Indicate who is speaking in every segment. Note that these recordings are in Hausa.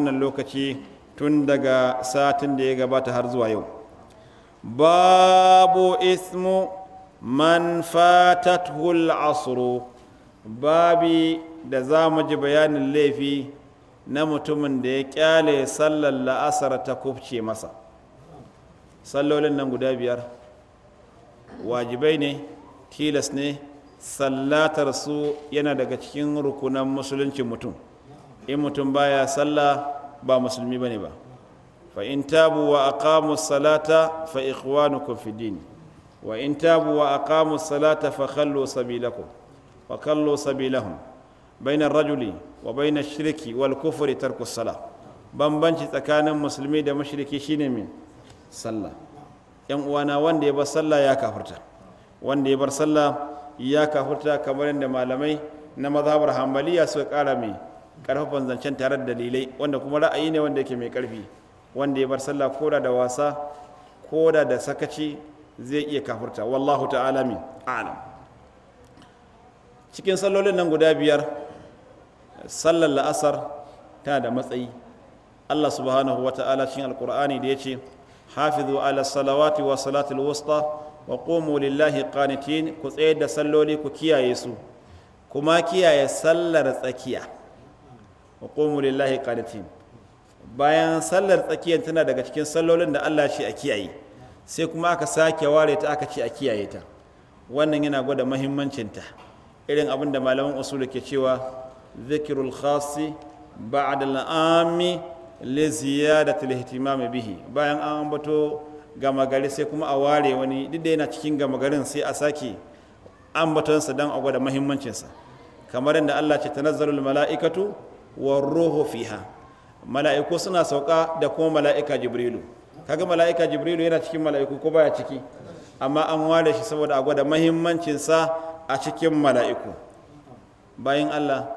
Speaker 1: wannan lokaci tun daga satin da ya gabata har zuwa yau babu ismu man fatat hul asuru babi da za mu ji bayanin laifi na mutumin da ya kyale sallar la'asar ta kufce masa sallolin nan guda biyar wajibai ne tilas ne sallatar su yana daga cikin rukunan musuluncin mutum in mutum baya sallah ba musulmi bane ba fa in tabu wa aqamu salata fa ikhwanukum fi din wa in tabu wa aqamu salata fa khallu sabilakum wa khallu sabilahum bayna rajuli wa bayna shirki wal kufri tarku salah bambanci tsakanin musulmi da mushriki shine min sallah yan uwana wanda ya bar sallah ya kafirta wanda ya bar sallah ya kafirta kamar yadda malamai na mazhabar hanbaliya suka kara mai karfafan zancen tare da dalilai wanda kuma ra'ayi ne wanda yake mai karfi wanda ya bar sallah koda da wasa koda da sakaci zai iya kafurta wallahu ta'ala min a'lam cikin sallolin nan guda biyar sallar la'asar tana da matsayi Allah subhanahu wa ta'ala cikin alkur'ani da ya ce hafizu ala salawati wa salatul wusta wa qumu lillahi qanitin ku tsaye da salloli ku kiyaye su kuma kiyaye sallar tsakiya wa qumu lillahi bayan sallar tsakiyar tana daga cikin sallolin da Allah shi a kiyaye sai kuma aka sake ware ta aka ce a kiyaye ta wannan yana gwada mahimmancinta irin abin da malaman usulu ke cewa zikirul khasi ba'da al'ami da ziyadati mai bihi bayan an bato gama gari sai kuma a ware wani duk da yana cikin gama garin sai a sake an batonsa dan a gwada mahimmancinsa kamar yadda Allah ce tanazzalul mala'ikatu wa ruhu fiha mala'iku suna sauka da kuma mala'ika jibrilu kaga mala'ika jibrilu yana cikin mala'iku ko baya ciki amma an ware shi saboda a gwada mahimmancinsa a cikin mala'iku bayan allah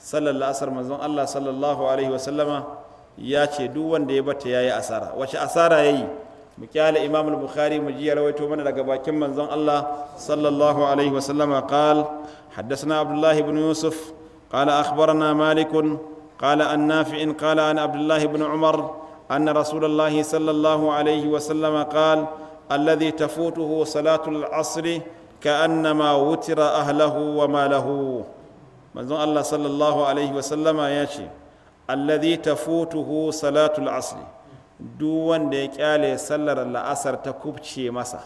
Speaker 1: sallallahu asar manzon allah sallallahu alaihi wasallama ya ce duk wanda ya bata yayi asara wace asara yayi mu kyale imam al-bukhari mu ji rawaito mana daga bakin manzon allah sallallahu alaihi wasallama qal حدثنا عبد الله بن يوسف قال أخبرنا مالك قال عن نافع قال عن عبد الله بن عمر أن رسول الله صلى الله عليه وسلم قال الذي تفوته صلاة العصر كأنما وتر أهله وماله manzon Allah sallallahu alaihi wasallama ya ce alladhi tafutuhu salatul asli duk wanda ya kyale sallar la'asar ta kubce masa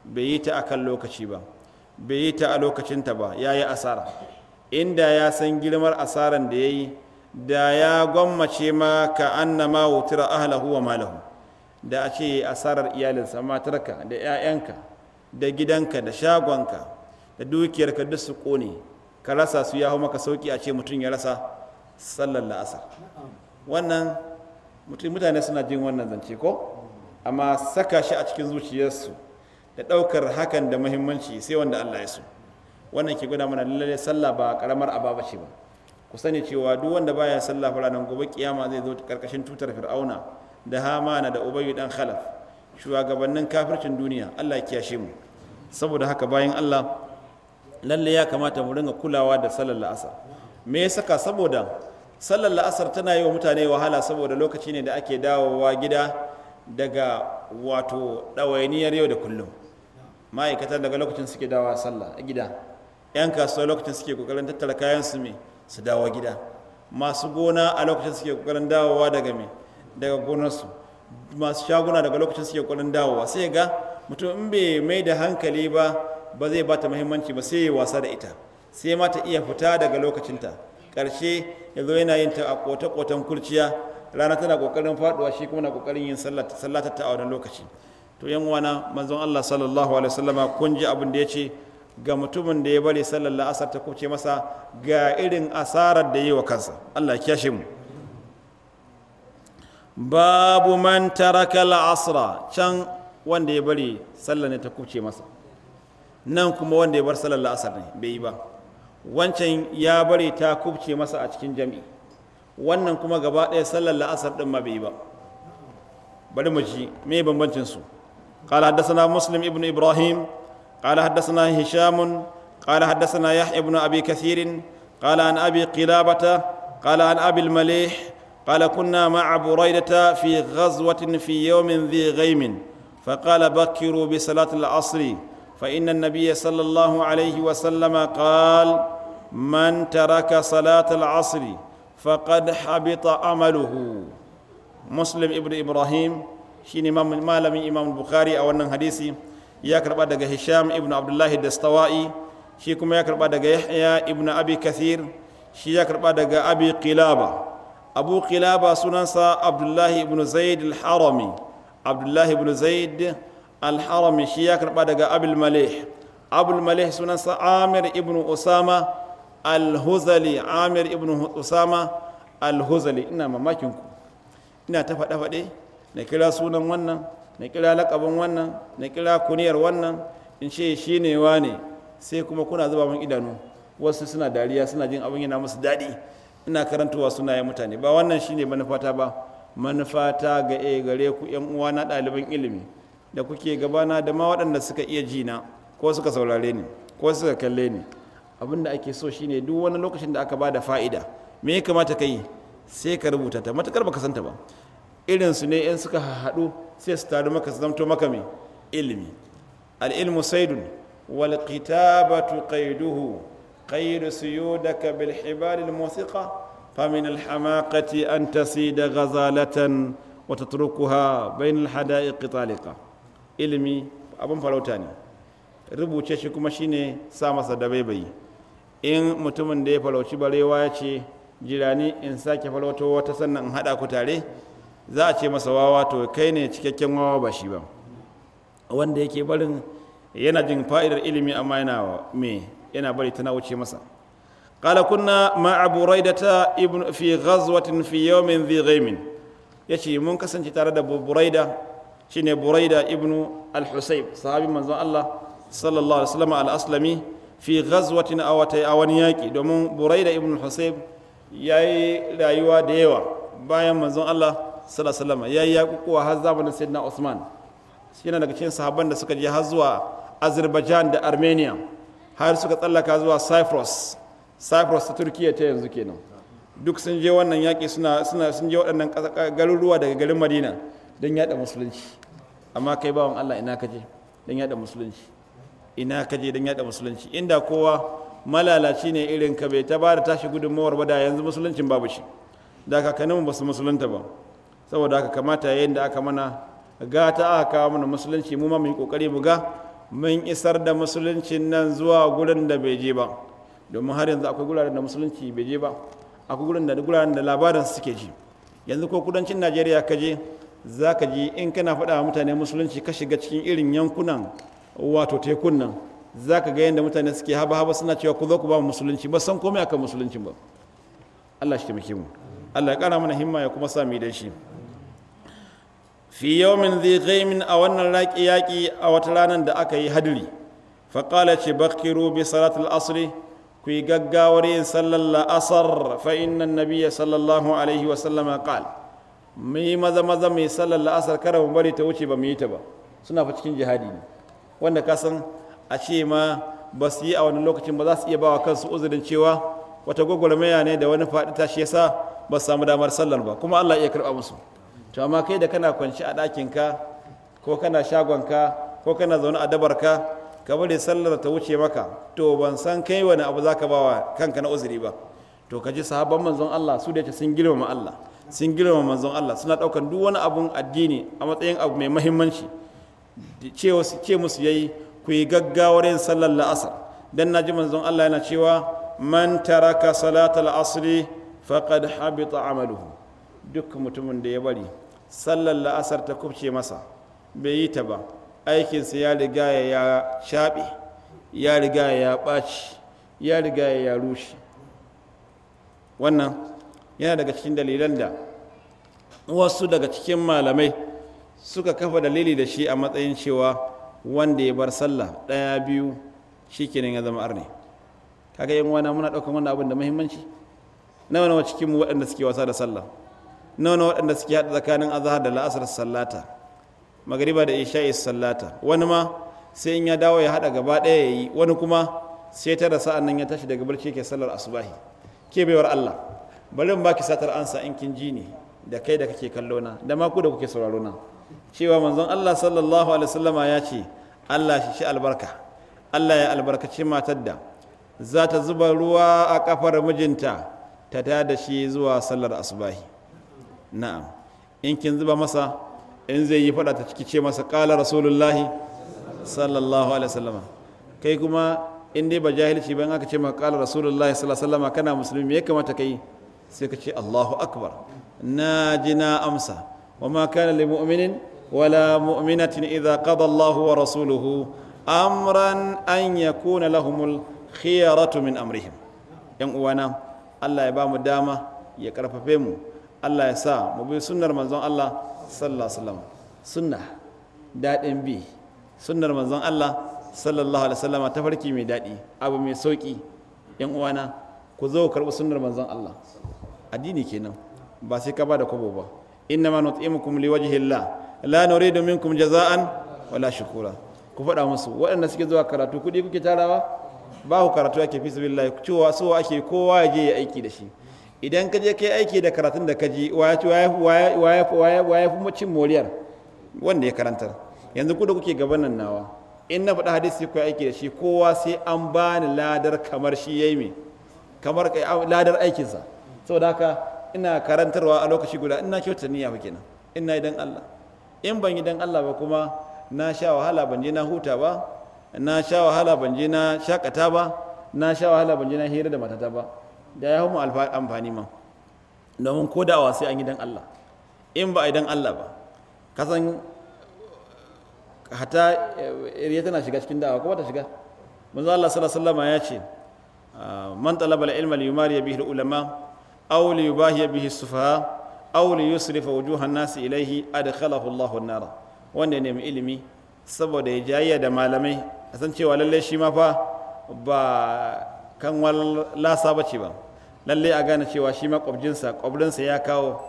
Speaker 1: bai yi ta akan lokaci ba bai yi ta a lokacinta ba ya yi asara inda ya san girmar asaran da ya yi da ya gwammace ma ka ma wutura ahlahu wa malahu da a ce asarar iyalinsa matarka da 'ya'yanka da gidanka da shagonka da dukiyarka duk su ƙone ka rasa su ya hau maka sauki a ce mutum ya rasa sallar la'asar wannan mutane suna jin wannan zance ko amma saka shi a cikin zuciyarsu da ɗaukar hakan da muhimmanci sai wanda allah ya so wannan ke gwada mana lallai sallah ba karamar aba ba ce ba ku sani cewa duk wanda baya sallah fara nan gobe kiyama zai zo karkashin tutar fir'auna da hamana da ubayyu dan khalaf shugabannin kafircin duniya Allah ya kiyashe mu saboda haka bayan Allah lallai ya kamata mu ringa kulawa da sallar la'asar me ya saka saboda sallar la'asar tana yi wa mutane wahala saboda lokaci ne da ake dawowa gida daga wato ɗawainiyar yau da kullum ma'aikatar daga lokacin suke dawa sallah gida 'yan kasuwa lokacin suke kokarin tattala kayan su mai su dawo gida masu gona a lokacin suke kokarin dawowa daga mai daga gonarsu masu shaguna daga lokacin suke kokarin dawowa sai ga mutum in bai mai da hankali ba ba zai bata muhimmanci ba sai ya wasa da ita sai ma ta iya fita daga lokacinta karshe ya zo yana yin ta a kwata-kwatan kurciya rana tana kokarin faduwa shi kuma na kokarin yin sallatar ta a wannan lokaci to yan uwana manzon Allah sallallahu alaihi wasallama kun ji abin da ya ce ga mutumin da ya bari sallar la'asar ta kuce masa ga irin asarar da yi wa kansa Allah ya shi mu babu man taraka la'asra can wanda ya bari sallar ne ta kuce masa nan kuma wanda ya bar sallar la'asar ne bai yi ba wancan ya bari ta kuce masa a cikin jami'i wannan kuma gaba ɗaya sallar la'asar ɗin ma bai yi ba bari mu ji me bambancin su قال حدثنا مسلم ابن ابراهيم قال حدثنا هشام قال حدثنا يحيى بن أبي كثير قال عن أبي قلابة قال عن أبي المليح قال كنا مع بريدة في غزوة في يوم ذي غيم فقال بكروا بصلاة العصر فإن النبي صلى الله عليه وسلم قال من ترك صلاة العصر فقد حبط عمله مسلم ابن إبراهيم شين إمام مالم إمام البخاري أو الحديثي ya karba daga hisham ibn abdullahi dastawa'i shi kuma ya karba daga yahya ibn abi kathir shi ya karba daga abi qilaba abu qilaba sunansa abdullahi ibn zaid al-harami abdullahi ibn zaid al-harami shi ya karba daga abul malih abul malih sunansa amir ibn usama al-huzali amir ibn usama al-huzali ina mamakin ku ina ta faɗe-faɗe na kira sunan wannan na kira lakabin wannan na kira kuniyar wannan in ce shi ne wane sai kuma kuna zuba mun idanu wasu suna dariya suna jin abin yana musu daɗi ina karantowa suna yi mutane ba wannan shine manufata ba manufata ga e gare ku yan uwa na ɗaliban ilimi da kuke gabana da ma waɗanda suka iya jina ko suka saurare ni ko suka kalle ni abin da ake so shine duk wani lokacin da aka ba da fa'ida me ya kamata ka yi sai ka rubuta ta matukar baka santa ba irinsu ne in suka haɗu sai su taru maka zamto maka mai ilimi al'ilmu saidun wal qitabatu qaiduhu qaidu suyudaka bil hibal al musiqa fa min al hamaqati an tasida ghazalatan wa tatrukuha bain al hada'iq taliqa ilimi abin farauta ne rubuce shi kuma shine sa masa baibayi in mutumin da ya farauci barewa ya ce jirani in sake farauto wata sannan in haɗa ku tare za a ce masa wawa to kai ne cikakken wawa ba shi ba wanda yake barin yana jin fa'idar ilimi amma yana me yana bari tana wuce masa qala kunna ma'a buraidata ibn fi ghazwatin fi yawmin dhi ghaimin yace mun kasance tare da buraida shine buraida ibn al-husayb sahabi manzon Allah sallallahu alaihi wasallam al-aslami fi ghazwatin aw a wani yaki domin buraida ibn al-husayb yayi rayuwa da yawa bayan manzon Allah sallallahu alaihi wasallam yayi yakukuwa har zamanin sayyidina Usman shi yana daga cikin sahabban da suka je har zuwa Azerbaijan da Armenia har suka tsallaka zuwa Cyprus Cyprus ta Turkiya ta yanzu kenan duk sun je wannan yaƙi suna suna sun je waɗannan garuruwa daga garin Madina don yaɗa musulunci amma kai bawan Allah ina kaje don yaɗa musulunci ina kaje don yaɗa musulunci inda kowa malalaci ne irin ka bai ta ba da tashi gudunmawar ba da yanzu musuluncin babu shi da kakanninmu ba su musulunta ba saboda haka kamata yayin da aka mana gata aka kawo mana musulunci mu ma mu kokari mu ga mun isar da musuluncin nan zuwa gurin da bai je ba domin har yanzu akwai guraren da musulunci bai je ba akwai guraren da guraren da labarin suke ji yanzu ko kudancin najeriya ka je za ka ji in kana faɗa wa mutane musulunci ka shiga cikin irin yankunan wato tekun nan za ka ga yadda mutane suke haba haba suna cewa ku zo ku ba musulunci ba san komai akan musulunci ba allah shi taimake mu Allah ya kara mana himma ya kuma sami da shi fi yawmin zai ghaimin a wannan raƙi yaƙi a wata ranar da aka yi hadiri faƙala ce bakiru bi salatul asri ku yi gaggawar yin sallar la'asar fa inna nabiya sallallahu alaihi wasallama qal mu yi maza maza mai sallar la'asar kada mu bari ta wuce ba mu yi ta ba suna fa cikin jihadi ne wanda ka san a ce ma ba su yi a wani lokacin ba za su iya ba wa kansu uzurin cewa wata gwagwarmaya ne da wani faɗi tashi yasa ba samu damar sallar ba kuma Allah iya karɓa musu to amma kai da kana kwanci a ɗakinka ko kana shagonka ko kana zaune a dabarka ka bari sallar ta wuce maka to ban san kai wani abu za ka bawa kanka na uzuri ba to ka ji sahabban manzon Allah su da yake sun girmama Allah sun girmama manzon Allah suna ɗaukan duk wani abun addini a matsayin abu mai mahimmanci ce musu yayi ku yi gaggawar yin sallar la'asar dan naji manzon Allah yana cewa man taraka salatul asri faqad habita amaluhu duk mutumin da ya bari sallar la'asar ta kubce masa bai yi ta ba aikinsa ya riga ya shaɓe ya riga ya ɓaci ya riga ya rushe wannan yana daga cikin dalilan da wasu daga cikin malamai suka kafa dalili da shi a matsayin cewa wanda ya bar sallah ɗaya biyu shi kenan ya zama arne kaga yin wana muna ɗaukar wannan abin da muhimmanci nawa nawa cikin mu waɗanda suke wasa da sallah nawa nawa waɗanda suke haɗa tsakanin azahar da la'asar sallata magariba da isha'i sallata wani ma sai in ya dawo ya haɗa gaba ɗaya ya yi wani kuma sai ta da sa'an nan ya tashi daga barci yake sallar asubahi ke baiwar Allah bari in baki satar ansa in kin ji ne da kai da kake kallo na da ma ku da kuke sauraro na cewa manzon Allah sallallahu alaihi wasallama ya ce Allah shi shi albarka Allah ya albarkaci matar da za ta zuba ruwa a kafar mijinta ta tada shi zuwa sallar asubahi na'am in kin zuba masa in zai yi fada ta ciki ce masa kala rasulullahi sallallahu alaihi wasallama kai kuma in dai ba jahilci ba aka ce maka kala rasulullahi sallallahu alaihi wasallama kana musulmi me ya kamata kai sai ka ce Allahu akbar na ji na amsa wa ma kana lil mu'minin wala mu'minatin idza qada Allahu wa rasuluhu amran an yakuna lahumul khiyaratu min amrihim yan uwana Allah ya ba mu dama ya karfafe mu Allah ya sa mu bi sunnar manzon Allah sallallahu alaihi sunna daɗin bi sunnar manzon Allah sallallahu alaihi wasallam ta farki mai daɗi abu mai sauƙi yan uwana ku zo karɓi sunnar manzon Allah addini kenan ba sai ka ba da kwabo ba inna ma nutimukum liwajhillah la nuridu minkum jaza'an wala shukura ku faɗa musu waɗanda suke zuwa karatu kuɗi kuke tarawa ba ku karatu ake fi sabilillah cewa so ake kowa ya je ya aiki da shi idan ka je kai aiki da karatun da ka ji waya fi moriyar wanda ya karantar yanzu ku da kuke gaban nan nawa in na faɗi hadisi ku aiki da shi kowa sai an bani ladar kamar shi yayi me kamar ladar aikinsa saboda haka ina karantarwa a lokaci guda ina kyautar niyya fa kenan ina idan Allah in ban yi dan Allah ba kuma na sha wahala ban je na huta ba na sha wahala ban je na shakata ba na sha wahala ban je na hira da matata ba da ya mu amfani ma domin ko da sai an yi dan Allah in ba a yi dan Allah ba kasan hata ya eh, tana shiga cikin da'awa ko ta shiga manzo Allah sallallahu alaihi ya ce ah, man talaba al-ilma li yumari bihi al-ulama aw li yubahi bihi as-sufaha aw li yusrifa wujuhan nas ilayhi adkhalahu Allahu an-nar wanda ne mai ilimi saboda ya jayya da malamai a san cewa lallai shi ma fa ba kan lasa ba ce ba lallai a gane cewa shi ma kwabjinsa kwabrinsa ya kawo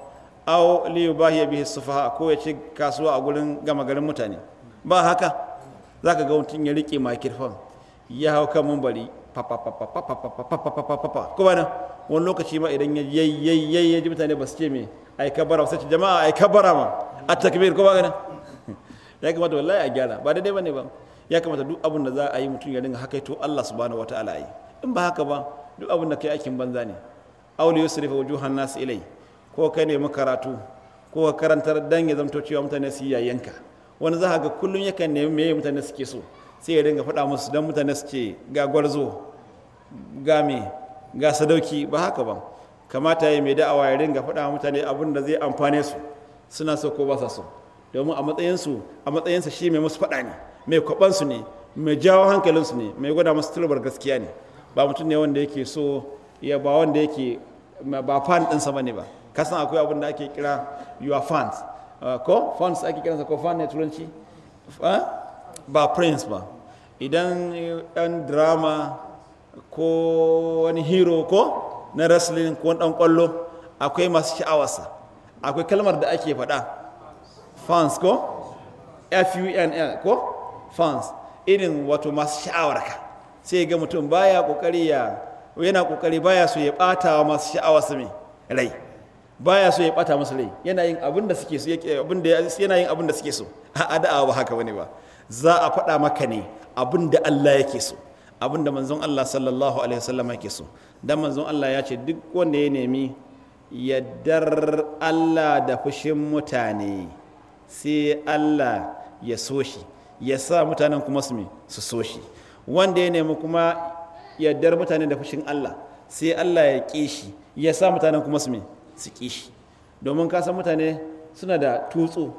Speaker 1: au liyu ba ya bihi sufaha ko ya ce kasuwa a gurin gama garin mutane ba haka za ka ga mutum ya riƙe makirfan ya hau kan mambari ko ba wani lokaci ma idan ya yayyayyayi mutane ba su ce me ai kabara sai jama'a ai kabara ma a takbir ko ba ya kamata wallahi a gyara ba daidai ba ne ba ya kamata duk abin da za a yi mutum ya dinga haka to Allah subhanahu wataala yi in ba haka ba duk abin da kai aikin banza ne auli yusrifu wujuhan nas ilai ko kai ne mu karatu ko ka karantar dan ya zamto cewa mutane su yayyanka wani za ga kullum yakan nemi meye mutane suke so sai ya dinga faɗa musu dan mutane su ce ga gwarzo ga me ga sadauki ba haka ba kamata ya mai da'awa ya dinga faɗa mutane abin da zai amfane su suna so ko ba sa so domin a matsayinsu a matsayinsa shi mai musu faɗa ne mai kwabansu ne mai jawo hankalinsu ne mai gwada musu tilbar gaskiya ne ba mutum ne wanda yake so ya ba wanda yake ba fan ɗinsa ba ne ba kasan akwai abin da ake kira your fans ah, ko fans ake kiransa ko fan ne turanci ah, ba prince ba idan ɗan drama ko wani hero ko na wrestling ko ɗan kwallo akwai masu sha'awarsa akwai kalmar da ake faɗa fans ko f-u-n-l ko fans irin wato masu sha'awarka sai ga mutum baya kokari ya yana kokari baya so ya bata wa masu sha'awa su mai rai baya so ya bata musu rai yana yin abin da suke so abin da yana yin abin da suke so a da'awa ba haka wani ba za a faɗa maka ne abin da Allah yake so abin da manzon Allah sallallahu alaihi wasallam yake so dan manzon Allah ya ce duk wanda ya nemi yaddar Allah da fushin mutane sai Allah ya so shi ya sa mutanen kuma su su so shi wanda ya nemi kuma yardar mutane da fushin Allah sai Allah ya ƙi shi ya sa mutanen kuma su su ƙi shi domin ka mutane suna da tutsu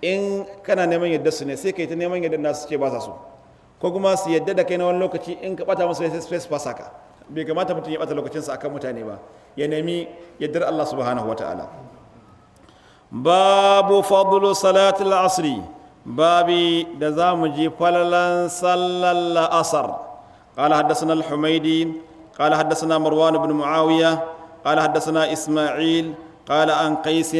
Speaker 1: in kana neman yadda su ne sai kai ta neman yadda nasu ce ba sa ko kuma su yadda da kai na wani lokaci in ka bata musu sai space fasa ka bai kamata mutum ya bata lokacinsa akan mutane ba ya nemi yaddar Allah subhanahu wataala باب فضل صلاة العصر بابي دزام جي فللا صلى الأصر قال حدثنا الحميدي قال حدثنا مروان بن معاوية قال حدثنا إسماعيل قال عن قيس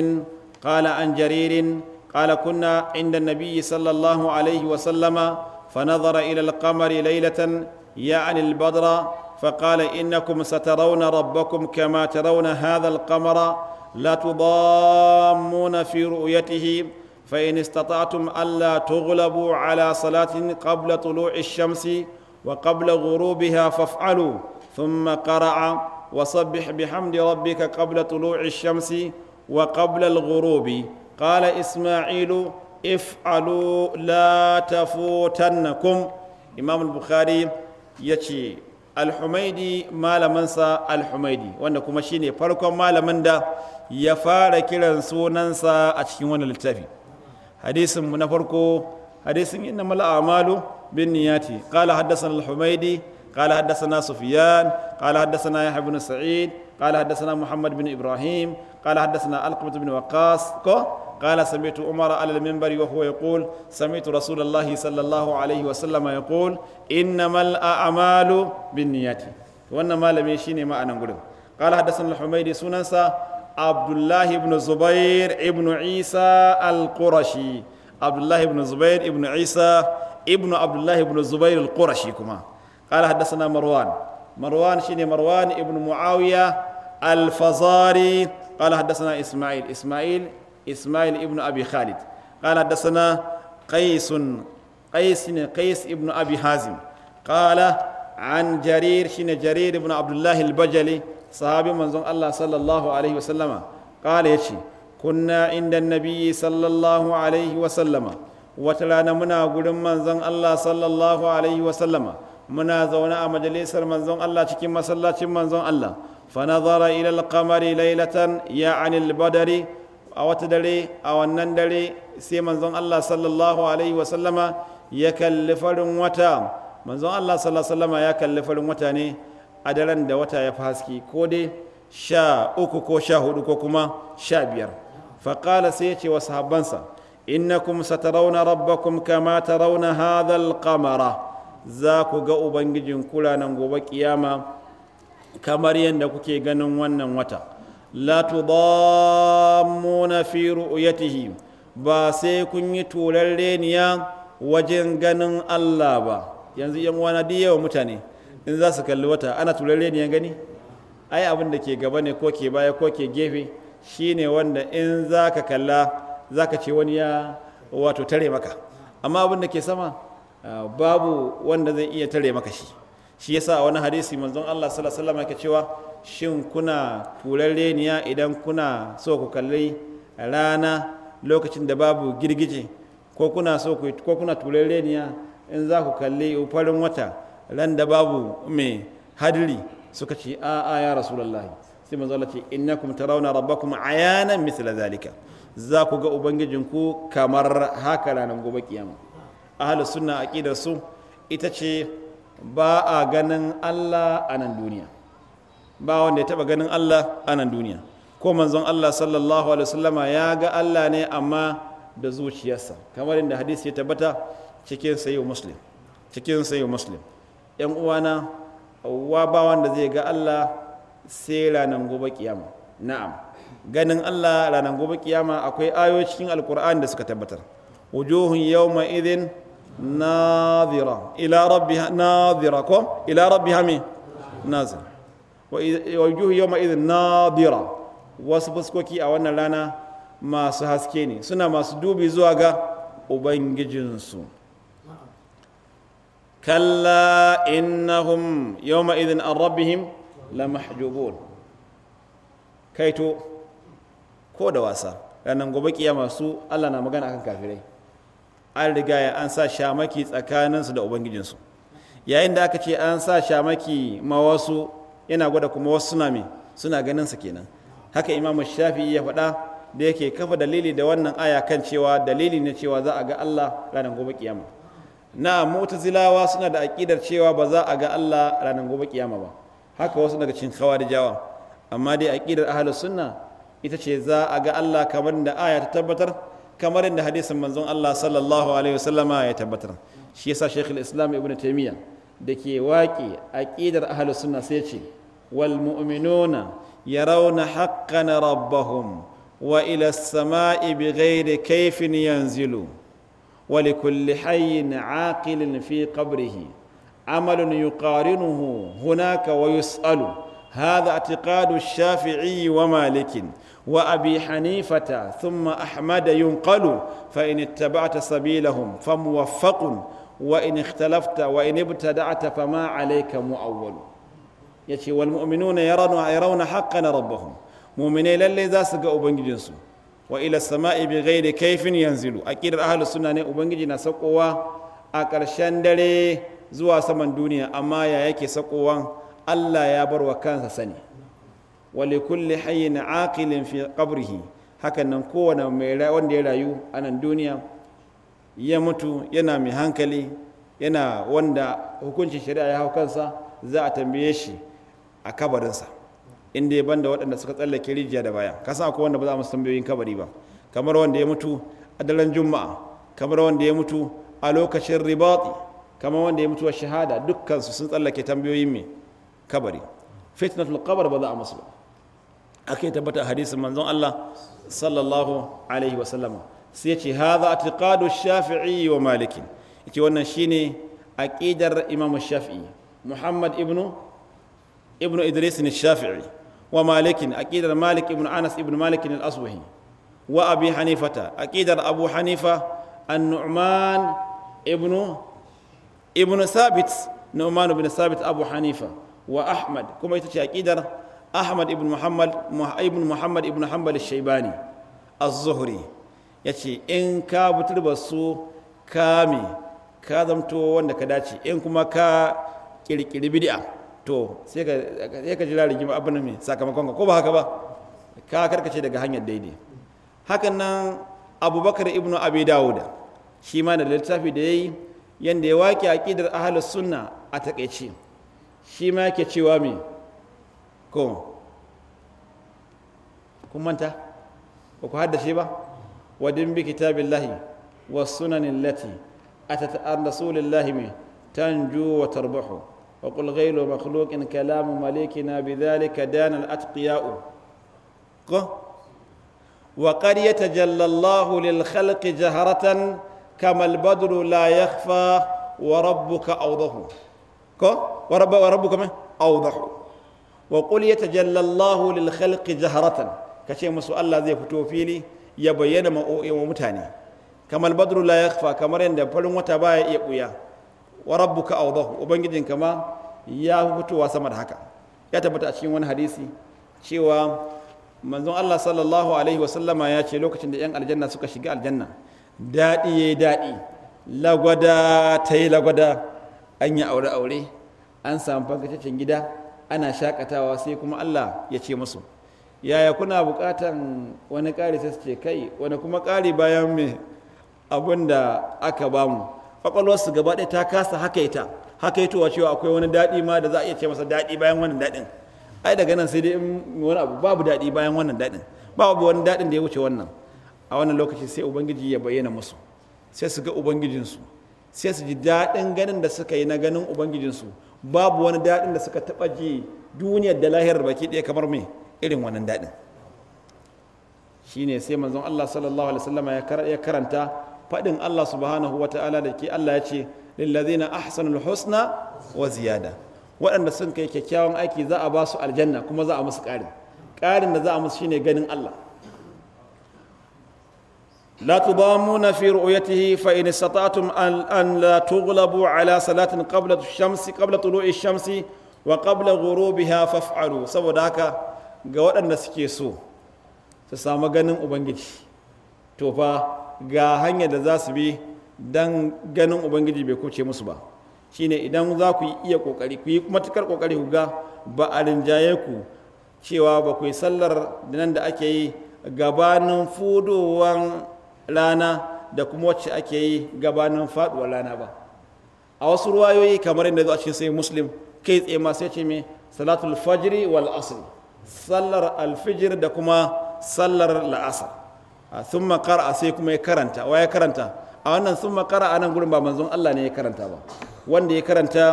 Speaker 1: قال عن جرير قال كنا عند النبي صلى الله عليه وسلم فنظر إلى القمر ليلة يعني البدر فقال إنكم سترون ربكم كما ترون هذا القمر لتضامون في رؤيته فإن استطعتم ألا تغلبوا على صلاة قبل طلوع الشمس وقبل غروبها فافعلوا ثم قرع وسبح بحمد ربك قبل طلوع الشمس وقبل الغروب قال إسماعيل افعلوا لا تفوتنكم إمام البخاري يتشي الحميدي ما لمنسى الحميدي وأنكم شيني فاركم ما لمن ده ya fara kiran sunansa a cikin wannan littafi hadisin na farko hadisin inna mal a'malu bin niyati qala haddathana al-humaydi qala haddathana sufyan qala haddathana yahya ibn sa'id qala haddathana muhammad bin ibrahim qala haddathana alqabat bin waqas ko قال سمعت عمر على المنبر وهو يقول سمعت رسول الله صلى الله عليه وسلم يقول انما الاعمال بالنيات وانما لم يشيني ما انا قال حدثنا الحميدي سننسا abdullahi ibn zubair ibn isa al-qurashi abdullahi ibn zubair ibn isa ibn abdullahi ibn zubair al-qurashi kuma قال حدثنا مروان مروان شيني مروان ابن معاوية الفزاري قال حدثنا إسماعيل إسماعيل إسماعيل ابن أبي خالد قال حدثنا قيس قيس قيس ابن أبي حازم قال عن جرير شين جرير بن عبد الله البجلي sahabin manzon Allah sallallahu alaihi wasallama kala ya ce kunna inda nabiyyi sallallahu alaihi wasallama wata rana muna gurin manzon Allah sallallahu alaihi wasallama muna zaune a majalisar manzon Allah cikin masallacin manzon Allah fa nazara ila al-qamari laylatan ya'ani al-badari a wata dare a wannan dare sai manzon Allah sallallahu alaihi wasallama ya kalli farin wata manzon Allah sallallahu alaihi wasallama ya kalli farin wata ne a daren da wata ya fi haske ko dai sha uku ko sha hudu ko kuma sha biyar faƙala sai ya ce wa sahabbansa innakum satarauna rabbakum kama tarauna hadhal qamara za ku ga ubangijin kula nan gobe kiyama kamar yadda kuke ganin wannan wata la tudammuna fi ru'yatihi ba sai kun yi tular wajen ganin Allah ba yanzu yan wani yawa mutane in za su kalli wata ana turare ne gani ai abin da ke gaba ne ko ke baya ko ke gefe shine wanda in za ka kalla za ka ce wani ya wato tare maka amma abin da ke sama babu wanda zai iya tare maka shi shi yasa a wani hadisi manzon Allah sallallahu alaihi wasallam cewa shin kuna turare idan kuna so ku kalli rana lokacin da babu girgije ko kuna so ku ko kuna in za ku kalli farin wata ran da babu mai hadiri suka ce a a ya rasulullahi sai manzo Allah ce innakum tarawna rabbakum ayanan misla zalika za ku ga ku kamar haka ranar gobe kiyama ahli sunna aqidar su ita ce ba a ganin Allah a nan duniya ba wanda ya taba ganin Allah a nan duniya ko manzon Allah sallallahu alaihi wasallama ya ga Allah ne amma da zuciyarsa kamar inda hadisi ya tabbata cikin sayyid muslim cikin sayyid muslim yan uwana wa ba wanda zai ga Allah sai ranar gobe kiyama na'am ganin Allah ranar gobe kiyama akwai ayoyi cikin alkur'ani da suka tabbatar wujuhun yawma idhin nadhira ila rabbiha nadhira ko ila rabbiha mi nazir wa wujuhun yawma idhin nadhira wasu fuskoki a wannan rana masu haske ne suna masu dubi zuwa ga ubangijinsu كلا إنهم يومئذ عن ربهم لمحجوبون كيتو كودا واسا ranar gobe kiyama su Allah na magana kan kafirai an riga ya an sa shamaki tsakaninsu da ubangijinsu yayin da aka ce an sa shamaki ma wasu yana gwada kuma wasu suna me suna ganin su kenan haka imamu shafi'i ya faɗa da yake kafa dalili da wannan aya kan cewa dalili ne cewa za a ga Allah ranar gobe kiyama na mu'tazilawa suna da aƙidar cewa ba za a ga Allah ranar gobe kiyama ba haka wasu daga cikin jawa amma dai aƙidar ahlus sunna ita ce za a ga Allah kamar da aya ta tabbatar kamar da hadisin manzon Allah sallallahu alaihi wasallama ya tabbatar shi yasa Sheikh islam Ibn Taymiyyah da ke waƙe aƙidar ahlu sunna sai ce wal mu'minuna yarawna haqqan rabbahum wa ila as-sama'i bighairi kayfin yanzilu ولكل حي عاقل في قبره عمل يقارنه هناك ويسأل هذا اعتقاد الشافعي ومالك وأبي حنيفة ثم أحمد ينقل فإن اتبعت سبيلهم فموفق وإن اختلفت وإن ابتدعت فما عليك مؤول يتي والمؤمنون يرون يرون حقا ربهم مؤمنين للي ذا سقوا بنجنسهم wa ila sama'i bi ghairi kaifin yanzilu aqidar ahlus sunna ne ubangiji na sakowa a ƙarshen dare zuwa saman duniya amma ya yake sakowan Allah ya bar wa kansa sani wa li kulli hayyin aqilin fi qabrihi hakan nan kowane mai wanda ya rayu a nan duniya ya mutu yana mai hankali yana wanda hukuncin shari'a ya hau kansa za a tambaye shi a kabarinsa in ya banda waɗanda suka tsallake rijiya da baya ka san akwai wanda ba za mu tambayoyin kabari ba kamar wanda ya mutu a daren juma'a kamar wanda ya mutu a lokacin ribati kamar wanda ya mutu a shahada dukkan su sun tsallake tambayoyin me kabari fitnatul qabr ba za a musu ba akai tabbata hadisin manzon Allah sallallahu alaihi wasallam sai ya ce hadha atiqadu shafi'i wa maliki yace wannan shine aqidar imam shafi'i muhammad ibnu ibnu idris ne shafi'i wa malikin aqidar malik ibn anas ibn malik al-asbahi wa abi hanifata aqidar abu hanifa an-nu'man ibn ibn sabit nu'man ibn sabit abu hanifa wa ahmad kuma ita ce aqidar ahmad ibn muhammad ibn muhammad ibn hanbal al-shaybani az-zuhri yace in ka buturba su kame ka zamto wanda ka dace in kuma ka kirkiri bid'a to sai ka jira rigima abin mai sakamakon ka ko ba haka ba ka karkace daga hanyar daidai hakan nan abubakar ibn abi dawuda shi ma da littafi da ya yi yadda ya wake akidar ahlus sunna a taƙaice shi ma yake cewa mai ko kun manta ba ku haddace ba wadin bi lahi wasu sunanin lati a tattalin rasulun lahi me tanju wa tarbahu وقل غير مخلوق كلام مليكنا بذلك دان الأتقياء وقد يتجلى الله للخلق جهرة كما البدر لا يخفى وربك أوضح ورب وربك أوضح وقل يتجلى الله للخلق جهرة كشيء مسؤول الله ذي فتوفيلي يبين ومتاني كما البدر لا يخفى كما رند فلن وتبايا يقويا wa rabbuka awdahu ubangijinka ma ya fitowa sama da haka ya tabbata a cikin wani hadisi cewa manzon Allah sallallahu alaihi sallama ya ce lokacin da 'yan aljanna suka shiga aljanna daɗi ya daɗi lagwada ta yi lagwada an yi aure aure an samu fankacin gida ana shakatawa sai kuma Allah ya ce musu yaya kuna bukatan wani ƙari sai su ce kai wani kuma ƙari bayan mai abin da aka bamu kwakwalwarsu gaba ɗaya ta kasa ita hakaita wa cewa akwai wani daɗi ma da za a iya ce masa daɗi bayan wannan daɗin ai daga nan sai dai wani abu babu daɗi bayan wannan daɗin babu wani daɗin da ya wuce wannan a wannan lokaci sai ubangiji ya bayyana musu sai su ga ubangijinsu sai su ji daɗin ganin da suka yi na ganin ubangijinsu babu wani daɗin da suka taɓa ji duniyar da lahirar baki ɗaya kamar me irin wannan daɗin shine sai manzon Allah sallallahu alaihi wasallam ya karanta faɗin Allah subhanahu wa ta'ala da ke Allah ya ce lillazina ahsanul husna wa ziyada waɗanda sun kai kyakkyawan aiki za a ba su aljanna kuma za a musu ƙarin ƙarin da za a musu shine ganin Allah لا تضامون في رؤيته فإن استطعتم أن, أن لا تغلبوا على صلاة قبل الشمس قبل طلوع الشمس وقبل غروبها فافعلوا saboda haka ga waɗanda suke so su samu ganin ubangiji ga hanyar da za su bi don ganin ubangiji bai kuce musu ba shine idan za ku iya kokari ku yi matukar kokari ku ga ba a rinjaye ku cewa ba ku yi sallar da nan da ake yi gabanin fudowar rana da kuma wacce ake yi gabanin faduwar rana ba a wasu ruwayoyi kamar yadda zo a cikin sai muslim kai tsaye masu ya ce mai salatul fajiri wal asr sallar alfijir da kuma sallar la'asar thumma qara'a sai kuma ya karanta wa ya karanta a wannan thumma a nan gudun ba manzon Allah ne ya karanta ba wanda ya karanta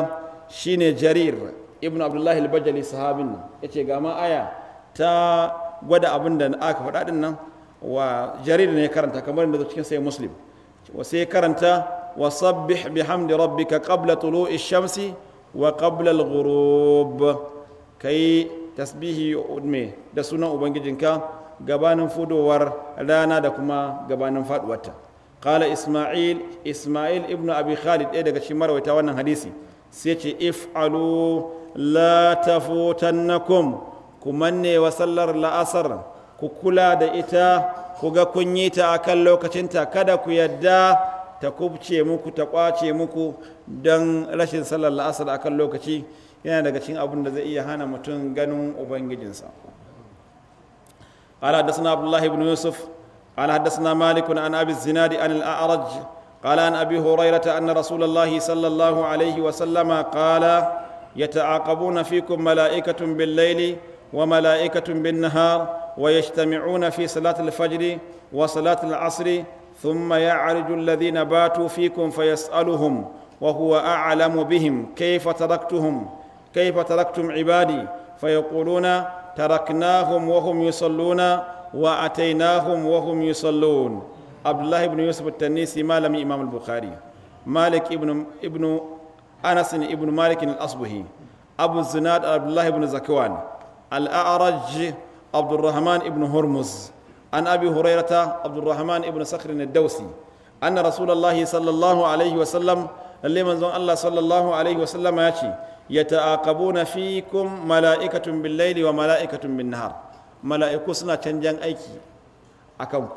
Speaker 1: shine Jarir ibn Abdullah al-Bajali sahabin nan ce ga ma aya ta gwada abin da aka faɗa ɗin nan wa Jarir ne ya karanta kamar da cikin sai Muslim wa sai ya karanta wa sabbih bihamdi rabbika qabla tulu'i shamsi wa qabla al-ghurub kai tasbihi me da sunan ubangijinka gabanin fudowar rana da kuma gabanin faduwarta qala isma'il isma'il ibnu abi khalid ɗaya daga cikin marawaita wannan hadisi sai ce if'alu la tafutannakum ku manne wa sallar la'asar ku kula da ita ku ga kun yi ta akan lokacinta kada ku yadda ta kubce muku ta kwace muku don rashin sallar la'asar akan lokaci yana daga cikin abin da zai iya hana mutum ganin ubangijinsa قال حدثنا عبد الله بن يوسف قال حدثنا مالك عن أبي الزناد عن الأعرج قال عن أبي هريرة أن رسول الله صلى الله عليه وسلم قال يتعاقبون فيكم ملائكة بالليل وملائكة بالنهار ويجتمعون في صلاة الفجر وصلاة العصر ثم يعرج الذين باتوا فيكم فيسألهم وهو أعلم بهم كيف تركتهم كيف تركتم عبادي فيقولون taraknahum wa hum yusalluna wa atainahum wa hum yusallun abdullahi ibn yusuf at-tanisi malami imam al-bukhari malik ibn ibn anas ibn malik al Asbuhi. abu zinad abdullahi ibn zakwan al-a'raj abdurrahman ibn hurmuz an abi hurairata abdurrahman ibn sakhr ad-dawsi anna rasulullahi sallallahu alaihi wa sallam lalle manzon Allah sallallahu alaihi wa sallama ya ce يتعاقبون فيكم ملائكة بالليل وملائكة بالنهار ملائكة سنة تنجان أيكي أكم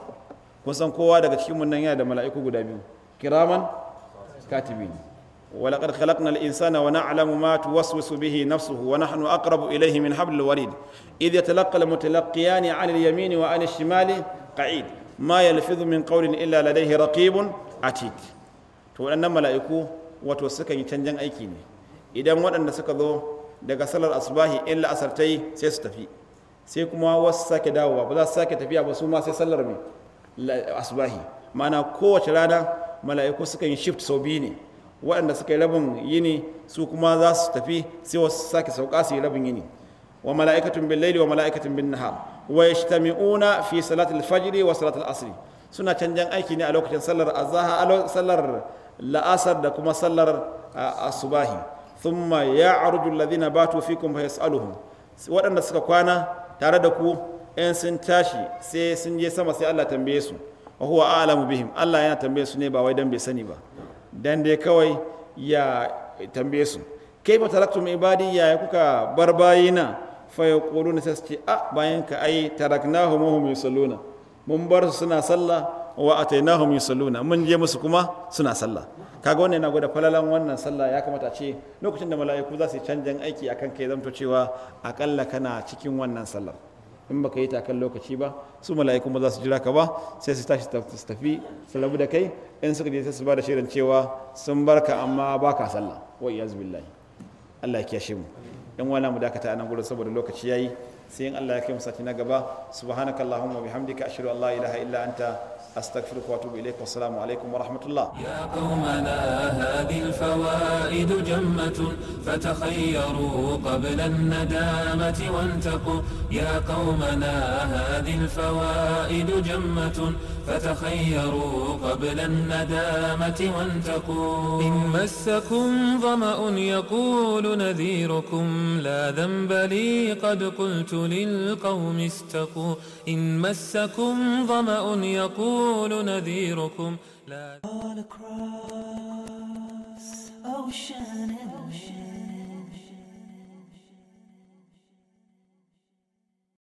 Speaker 1: كنسان قوة دا كتشيم من نيادة ملائكة قدابين كراما كاتبين ولقد خلقنا الإنسان ونعلم ما توسوس به نفسه ونحن أقرب إليه من حبل الوريد إذ يتلقى المتلقيان عن اليمين وعن الشمال قعيد ما يلفظ من قول إلا لديه رقيب عتيد تقول أن ملائكة وتوسكا تنجان أيكيني idan waɗanda suka zo daga salar asubahi in la'asar ta yi sai su tafi sai kuma wasu sake dawowa ba za su sake tafiya ba su ma sai sallar mai asubahi mana kowace rana mala'iku suka yi shift sau biyu ne waɗanda suka yi rabin yini su kuma za su tafi sai wasu sake sauka su yi rabin yini wa mala'ikatun bin laili wa mala'ikatun bin nahar wa yajtami'una fi salatul fajri wa salatul asri suna canjan aiki ne a lokacin sallar azaha sallar la'asar da kuma sallar asubahi thumma ya'ruju alladhina batu fikum fa yas'aluhum waɗanda suka kwana tare da ku in sun tashi sai sun je sama sai Allah tambaye su wa huwa a'lamu bihim Allah yana tambaye su ne ba wai dan bai sani ba dan dai kawai ya tambaye su kaifa taraktum ibadi ya kuka bar bayina fa yaquluna sai a ah, bayan ka ai taraknahum hum yusalluna mun bar su suna sallah wa atainahum yusalluna mun je musu kuma suna sallah kaga wannan yana gwada falalan wannan sallah ya kamata ce lokacin da mala'iku za su canjan aiki a kan kai zamto cewa akalla kana cikin wannan sallar in baka yi takan lokaci ba su mala'iku ba za su jira ka ba sai su tashi su tafi su rabu da kai in suka je sai su ba da shirin cewa sun bar ka amma ba ka sallah wa iyaz billahi Allah ya kiyashe mu in wala mu dakata anan gurin saboda lokaci yayi سين الله Allah ya kai سبحانك اللهم وبحمدك اشهد ان لا اله الا انت استغفرك واتوب اليك والسلام عليكم ورحمه الله يا قومنا هذه الفوائد جمه فتخيروا قبل الندامه وانتقوا يا قومنا هذه الفوائد جمه فتخيروا قبل الندامه وانتقوا ان مسكم ظما يقول نذيركم لا ذنب لي قد قلت للقوم استقوا إن مسكم ظمأ يقول نذيركم لا All across ocean and ocean